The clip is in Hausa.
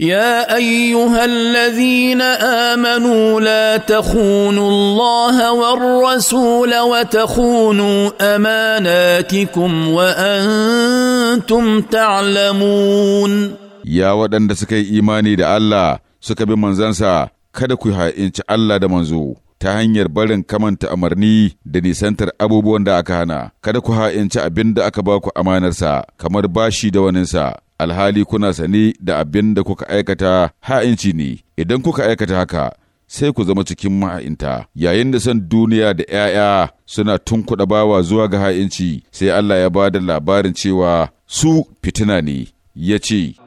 يا ايها الذين امنوا لا تخونوا الله والرسول وتخونوا اماناتكم وانتم تعلمون يا waɗanda suka yi imani da Allah suka bi manzansa kada ku ha'inci Allah da manzo ta hanyar barin kamanta amarni da nisantar abubuwan da aka hana kada ku ha'inci abin da aka ba ku amanarsa kamar bashi da waninsa alhali kuna sani da abin da kuka aikata ha'inci ne, idan kuka aikata haka sai ku zama cikin ma'ainta, yayin da son duniya da ‘ya'ya suna tunkuɗa bawa zuwa ga ha'inci, sai Allah ya ba da labarin cewa su fitina ne, ya ce,